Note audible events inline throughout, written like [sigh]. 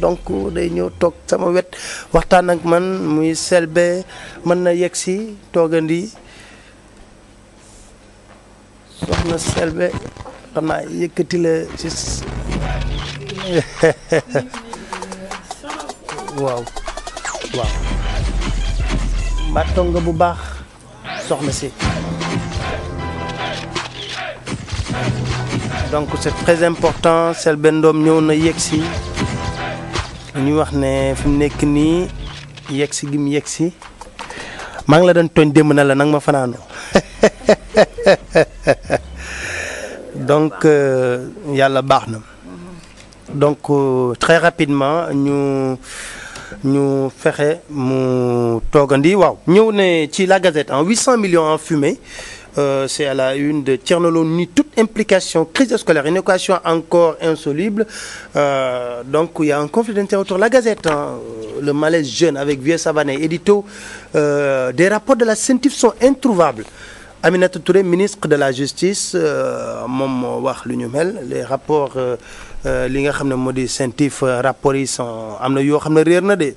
donc day ñëw toog sama wet waxtaan ak man muy selbe mën na yegg si toogandi soxna selbe xam naa yëkkati la ci [laughs] waaw waaw mbaa bu baax soxna si donc c'est très important Selbé Ndom ñëw na yegg si ñu wax ne fi mu nekk nii yegg si gi mu yegg si maa ngi la doon tooñ démb na la nag ma fanaanoo [laughs] donc euh, yàlla baax na donc euh, très rapidement ñu ñu fexe mu toogandi waaw. ñëw ne ci la Gazette en huit cent million en fumée. Euh, c'est à la une de Tchernolon ni toute implication, crise scolaire, une équation encore insoluble. Euh, donc y a un conflit d'intérêt autour de la gazette, hein, euh, le malaise jeune avec vieux Savané, édito. Euh, des rapports de la CENTIF sont introuvables. Aminata Touré, ministre de la Justice, euh, moom moo wax lu ñu mel les rapports euh, li nga xam ne moo di CENTIF rapports yi am na yoo xam ne réer na de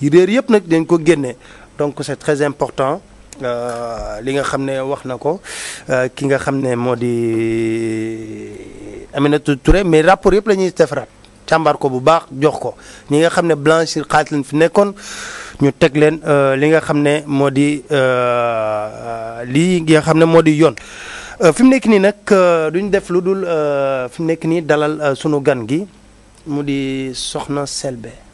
réer yëpp nag dañ ko génne donc c'est très important. Euh, li nga xam ne wax na ko euh, ki nga xam ne moo di Aminata Touré mais rapport yëpp la ñuy càmbar ko bu baax jox ko ñi nga xam ne blanchir xaalis lañ fi nekkoon ñu teg leen euh, li nga xam ne moo di lii nga xam ne moo di yoon. fi mu nekk nii nag duñ def lu dul fi mu nekk nii dalal sunu gan gi mu di Soxna selbe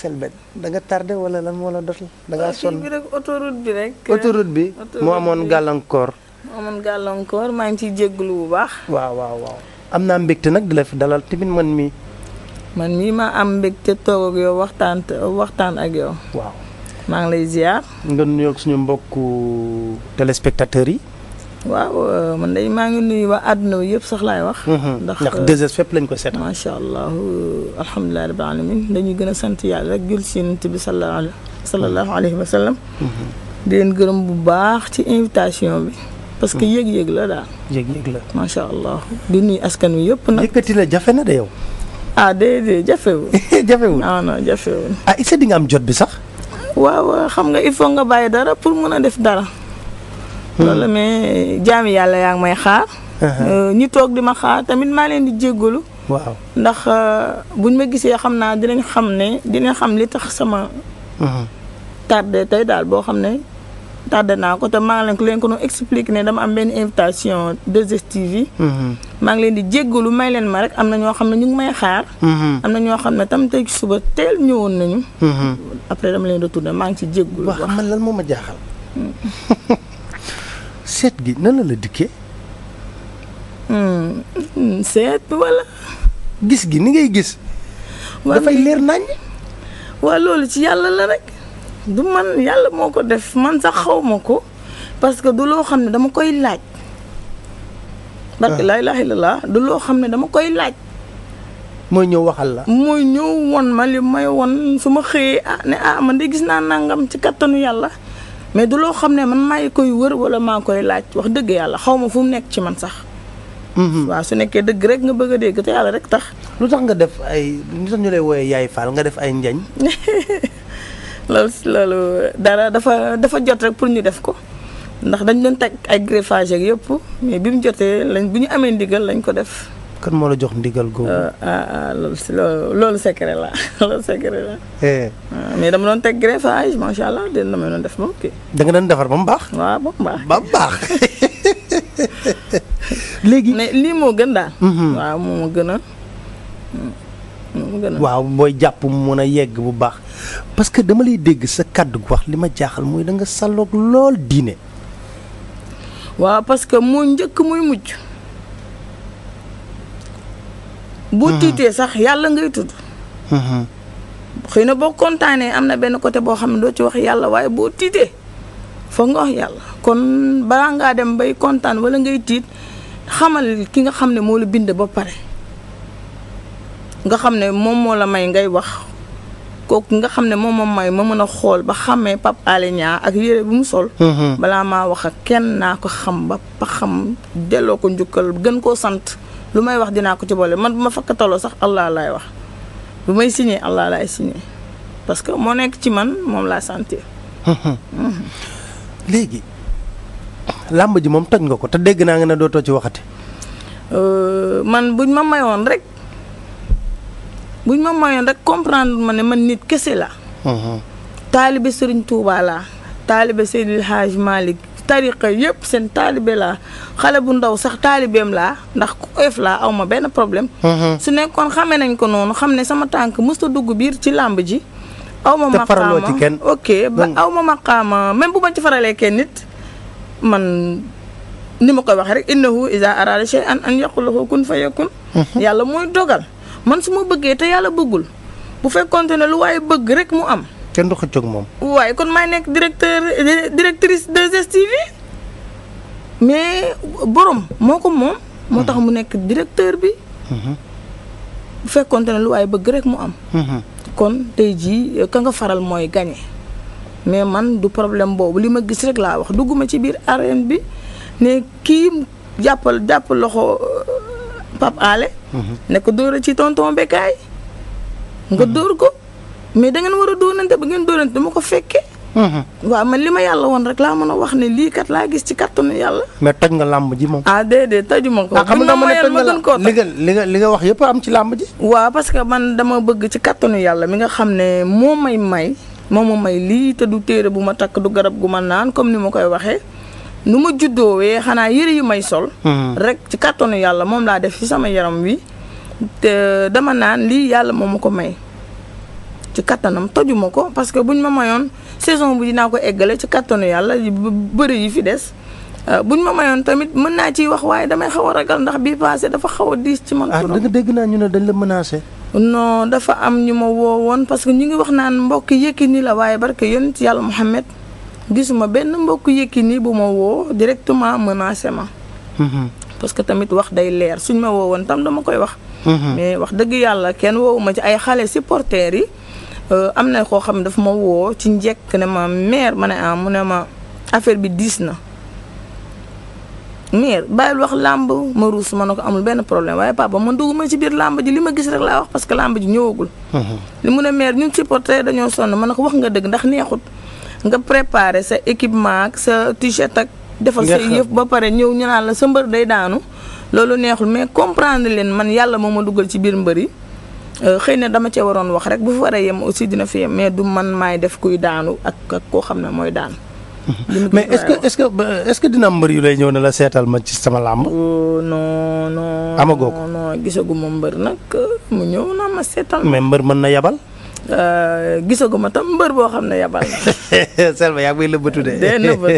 Selbé da nga tardé wala lan moo la dot da ngaa sonn autoroute bi rek. autoroute bi eh, moo amoon gàllankoor. moo amoon gàllankoor maa ngi ciy jégalu bu baax. waaw waaw am naa mbégte nag di la fi dalal tamit man mi man mii ma am mbégte toog ak yow waxtaan waxtaan ak yow. waaw maa ngi lay ziar. nga nuyoog suñu mbokku téléspectateurs yi. waaw euh, man day maa ngi nuy waa àdduna bi yëpp sax laay wax. Mhm. ndax ndax euh, fépp lañ ko seet. macha allah alhamdulilah alamin dañuy gën a sant yàlla rek jul si yonent bi sallallahu alayhi wa sallam. Mhm. di leen gërëm bu baax ci invitation bi. parce que mhm. yëg-yëg la daal. yëg la macha allah. di nuyu askan wi yëpp nag. yëkkati la jafe na de yow. ah déedéet jafewul. [laughs] jafewul ah non jafewul. ah isa di nga am jot bi sax. waaw xam nga il faut nga bàyyi dara pour mën a def dara. loolu la mais jaami yàlla yaa ngi may xaar. Uh-huh. Euh, ñi toog di ma xaar tamit maa leen di jéggalu. waaw ndax euh, buñ ma gisee xam naa dinañ xam ne dinañ xam li tax sama. Uh-huh. tardé tey daal boo xam ne tardé naa ko te maa ngi leen ko leen ko ne dama am benn invitation 2STV yi. Uh-huh. maa ngi leen di jéggalu may leen ma rek am na ñoo xam ne ñu ngi may xaar. am na ñoo xam ne tam tey suba teel ñëwoon nañu. après dama leen retourné maa ngi ci jéggalu. wax man lan moo ma jaaxal. Mm. [laughs] seet gi nan la la dikkee. Hmm, hmm, seet bi gis gi ni ngay gis. dafay leer nañ. waa loolu ci yàlla la rek. du man yàlla moo ko def man sax xaw ma ko parce que du loo xam ne dama koy laaj. barke ah. laa ilaaha illallaah du loo xam ne dama koy laaj. mooy ñëw waxal la. mooy ñëw won ma li may won su ma xëyee ah ne ah man de gis naa nangam ci kattanu yàlla. mais du loo xam ne man maay koy wër wala maa koy laaj wax dëgg yàlla xaw ma fu mu nekk ci man sax. Mhm. waaw su nekkee dëgg rek nga bëgg a dégg te yàlla rek tax. lu tax nga def ay lu tax ñu lay wooyee Yaay Fall nga def ay njañ. [laughs] loolu loolu dara dafa dafa jot rek pour ñu def ko ndax dañ doon teg ay greffage ak yëpp mais bi mu jotee lañ bu ñu amee ndigal lañ ko def. kan moo la jox ndigal googu. ah ah, ah loolu si loolu secret la [laughs] loolu secret la. Eh. Ah, mais dama doon teg greffage macha allah dina ma doon def moom da nga doon defar ba mu baax. waaw ba mu baax ba mu baax. [laughs] léegi mais lii moo gën daal. Mhm. waaw moo ma gën a. waaw booy jàpp mun a yegg bu baax parce que dama lay dégg sa kàddu gu wax li ma jaaxal mooy danga nga lool diine. waaw parce que mu njëkk muy mujj. boo tiitee sax yàlla ngay tudd. xëy na boo kontaanee am na benn côté boo xam ne doo ci wax yàlla waaye boo tiitee foog nga wax kon balaa ngaa dem bay kontaan wala ngay tiit xamal ki nga xam ne moo bind ba pare. nga xam ne moom moo la may ngay wax kooku nga xam ne moom moo may ma mën a xool ba xamee pab Alé ak yére bi mu sol. balaa maa wax ak kenn naa ko xam ba ba xam delloo ko njukkal gën koo sant. lu may wax dinaa ko ci boole man bu ma fakk taloo sax allah laay wax bu may signé allah laay signé parce que moo nekk ci man moom laa sentir. [laughs] léegi làmb ji moom toj nga ko te dégg naa nga ne dootoo ci waxati. Euh, man buñ ma mayoon rek buñ ma mayoon rek comprendre ma ne man nit kese la. taalibe Serigne Touba laa taalibe Seydil Hadj tariqa yëpp seen taalibe laa xale bu ndaw sax taalibeem laa ndax ku laa aw ma benn problème. Mhm. su nekkoon xamee nañ ko noonu xam ne sama tànk mësta dugg biir ci làmb ji. aw ma maqaama ci ok ba mhm. aw ma maqaama même bu ma ci faralee kenn nit man. ni ma koy waxee rek innahu iza arada shay'an an yaqulahu kun fayakun mhm. yàlla mooy dogal man su ma bëggee te yàlla bëggul bu fekkonte ne lu waaye bëgg rek mu am kenn du xëccoog moom. waaye kon maay nekk directeur directrice de 2STV mais borom moo ko moom. moo tax mu nekk directeur bi. Mhm. bu fekkoonte ne lu waaye bëgg rek mu am. Mhm. kon tey jii ka nga faral mooy gagné mais man du problème boobu li ma gis rek laa wax dugguma ci biir arène bi ne kii jàppal jàpp loxo Pape Alé. Mhm. ne ko dóora ci tonton nga dóor ko. mais da ngeen war a doonante ba ngeen doonante ma ko fekkee. Mhm. waaw man li ma yàlla woon rek laa mën a wax ne lii kat laa gis ci kattanu yàlla. mais toj nga làmb ji moom. ah déedéet tojuma ko. ah xam nga ma ne toj nga li li nga li nga wax yëpp am ci làmb ji. waaw parce que man dama bëgg ci kattanu yàlla mi nga xam ne moo may may moo ma may lii te du téere bu ma takk du garab gu ma naan comme ni ma koy waxee. nu ma juddoowee xanaa yére yi may sol. Mhm. rek ci kattanu yàlla moom laa def ci sama yaram wi. dama naan lii yàlla moo ma ko may. ci kattanam tojuma ko parce que ñu ma mayoon saison bu dinaa ko eggalee ci kattanu yàlla bëri yi fi des euh, buñ ma mayoon tamit mën naa ciy wax waaye damay xaw a ragal ndax bi passé dafa xaw a diis ci man. ah danga dégg naa ñu ne dañ la menacé. non dafa am ñu ma woowoon parce que ñu ngi wax naan mbokk Yékini la waaye barke yonent yàlla Muhammad gisuma benn mbokk nii bu ma woo directement menacé ma. Mm-hmm. parce que tamit wax day leer suñ ma woowoon tam dama koy wax. Mm-hmm. wax dëgg yàlla kenn woowuma ci ay xale supporters yi. Euh, am na koo xam ne dafa ma woo ci njëkk ne ma maire ma ne ah mu ne ma affaire bi diis na mère bàyyil wax làmb ma ruus ma ne ko amul benn problème waaye papa man dugguma ci biir làmb ji li ma gis rek laa wax parce que làmb ji ñëwagul. Mhm. li mu ne mère ñun supporter dañoo sonn ma ne ko wax nga dëgg ndax neexut nga préparer sa équipement ak sa t-shirt ak. defal sa yëf ba pare ñëw ñu naan la sa mbër day daanu. loolu neexul mais comprendre leen man yàlla moo ma dugal ci biir mbër yi. Euh, xëy na dama cee waroon wax rek bu fa war a yem aussi dina fi yem mais du man maay def kuy daanu ak ak koo xam ne mooy daan. Mhm. mais est-ce que est-ce que est-ce dina mbër yu lay ñëw ne la seetal ma ci sama làmb. Oh, non non. amagoo ko gisaguma mbër nag mu ñëw na ma seetal. mais mbër mën na yabal. Euh, gisaguma tam mbër boo xam ne yabal na. [laughs] Selma yaa ngi may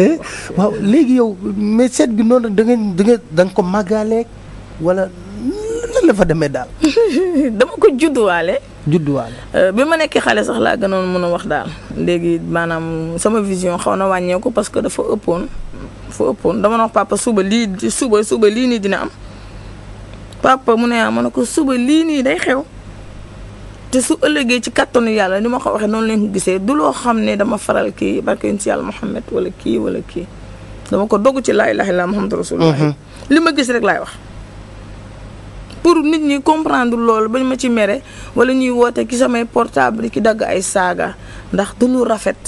de. [laughs] waaw léegi yow mais seet gi noonu da nga ko màggaleeg wala. nan fa demee daal. [laughs] dama ko judduwaale. judduwaale. Euh, bi ma nekkee xale sax laa gënoon mën a wax daal léegi maanaam sama vision xaw na wàññeeku parce que dafa ëppoon dafa ëppoon dama wax papa suba lii suba suba lii nii dina am papa mu ne ah ma ko suba lii nii day xew. te su ëllëgee ci kattanu yàlla ni ma ko waxee noonu leen ko gisee du loo xam ne dama faral kii barke ci yàlla Muhammad wala kii wala kii dama ko dogg ci laa ilaaha illallaah Muhammadu Rasulullah mm-hmm. li ma gis rek laay wax. pour nit ñi comprendre loolu bañ ma ci mere wala ñuy woote ki samay portable ki dagg ay saaga ndax du lu rafet.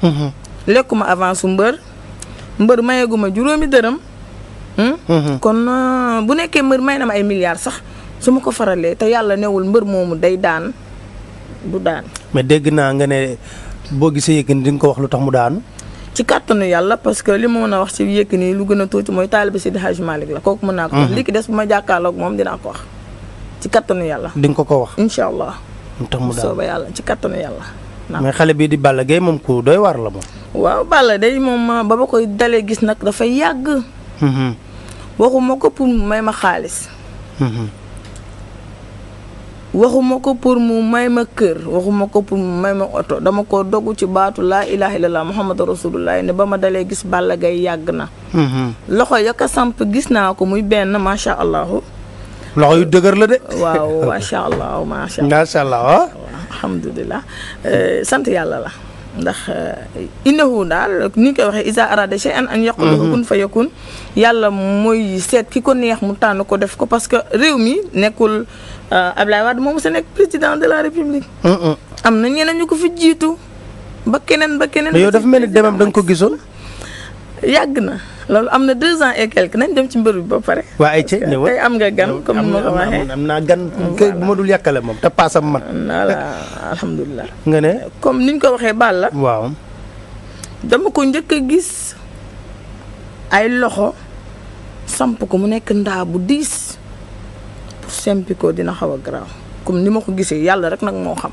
Mm-hmm. lekkuma avance su mbër mbër mayeguma juróomi dërëm. Hmm? Mm-hmm. kon euh, bu nekkee mbër may na ma ay milliards sax su ma ko faralee te yàlla newul mbër moomu day daan du daan. mais dégg naa nga ne boo gisee Yékini di nga ko wax lu tax mu daanu. ci kàttanu yàlla parce que li ma mën a wax ci Yékini lu gën a tuuti mooy taalibe Seydi Hadji Malick la kooku mën naa ko wax mhm. ki des bu ma jàkkaarloog moom dinaa ko wax ci kàttanu yàlla di nga ko ko wax incha allah tax mu daal sooba yàlla ci kàttanu yàlla mais xale bii di Balla Gaye moom ku doy waar la moom waaw Balla day moom ah, ba ba koy dalee gis nag dafay yàgg mhm. waxuma ko pour may ma xaalis mhm. waxuma ko pour mu may ma kër waxuma ko pour mu may ma oto dama ko dogg ci baatu laa ilaha illallah muhammadu rasulullah ne ba ma dalee gis Balla Gaye yàgg na mm-hmm. loxo ya ko samp gis naa ko muy benn macha allahu loxo yu dëgër la de waaw macha allah macha [laughs] allah alhamdulilah eh, sant yàlla la ndax euh, innahu daal ni koy waxee isa arada shay'an an yaqulu mhm. kun fayakun yàlla mooy seet ki ko neex mu tànn ko def ko parce que réew mi nekkul euh, Ablaye Wade moomu sa nekk président de la république am na ñeneen ñu ko fi jiitu ba keneen ba keneen yow dafa mel ni demam da nga ko gisoon yàgg na loolu am na deux ans et nañ dem ci mbër bi ba pare. waa ay ca ñëw tey am nga gan comme ni ma ko waxee. am naa gan kër bu ma dul yàkkale moom te paasam man. [laughs] voilà alhamdulilah. nga ne comme ni ñu ko waxee baal la. waaw. dama ko njëkk a gis ay loxo samp ko mu nekk ndaa bu diis pour sempi dina xaw a garaaw comme ni ma ko gisee yàlla rek nag moo xam.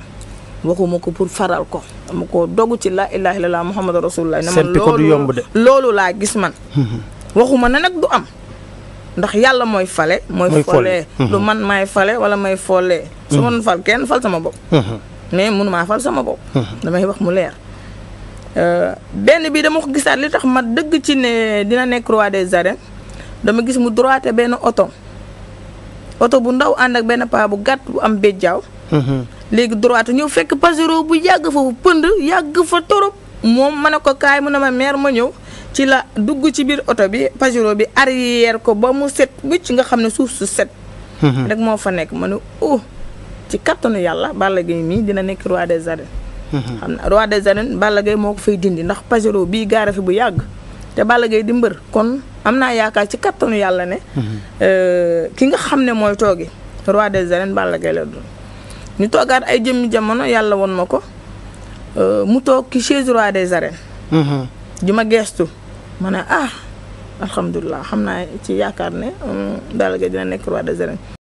waxuma ko pour faral ko dama ko dogu ci la ilaha illallah muhammadu rasulullah na man loolu loolu laa gis man mhm. waxuma na nag du am ndax yàlla mooy fale mooy folee lu mhm. man maay fale wala may folee su ma doon fal kenn fal sama bopp mhm. mais mënu maa fal sama bopp damay wax mu leer euh, benn bi dama ko gisaat li tax ma dëgg ci ne dina nekk roi des arènes dama gis mu droité benn oto oto bu ndaw ànd ak benn paa bu gàtt bu am béjjaaw léegi droite ñëw fekk pasero bu yàgg fa pënd yàgg fa torop moom ma ne ko kaay mu ne ma meer ma ñëw ci la dugg ci biir oto bi pasero bi arrière ko ba mu set wicc nga xam ne suuf su set mhm. rek moo fa nekk ma ne oh ci kattanu yàlla Balla Gaye mii dina nekk roi des arènes mhm. xam na roi des arènes Balla Gaye moo ko fay dindi ndax pasero bii gaara bu yàgg te Balla Gaye di mbër kon am naa yaakaar ci kattanu yàlla ne mhm. euh, ki nga xam ne mooy toogi roi des arènes Balla Gaye la doon ñu toogaat ay jëmmi jamono yàlla woon ma ko euh, mu toog ci chaise roi des arènes. Mm-hmm. di ma geestu ma ne ah alhamdulilah xam naa ci yaakaar ne um, Balla Gaye dina nekk roi des arènes.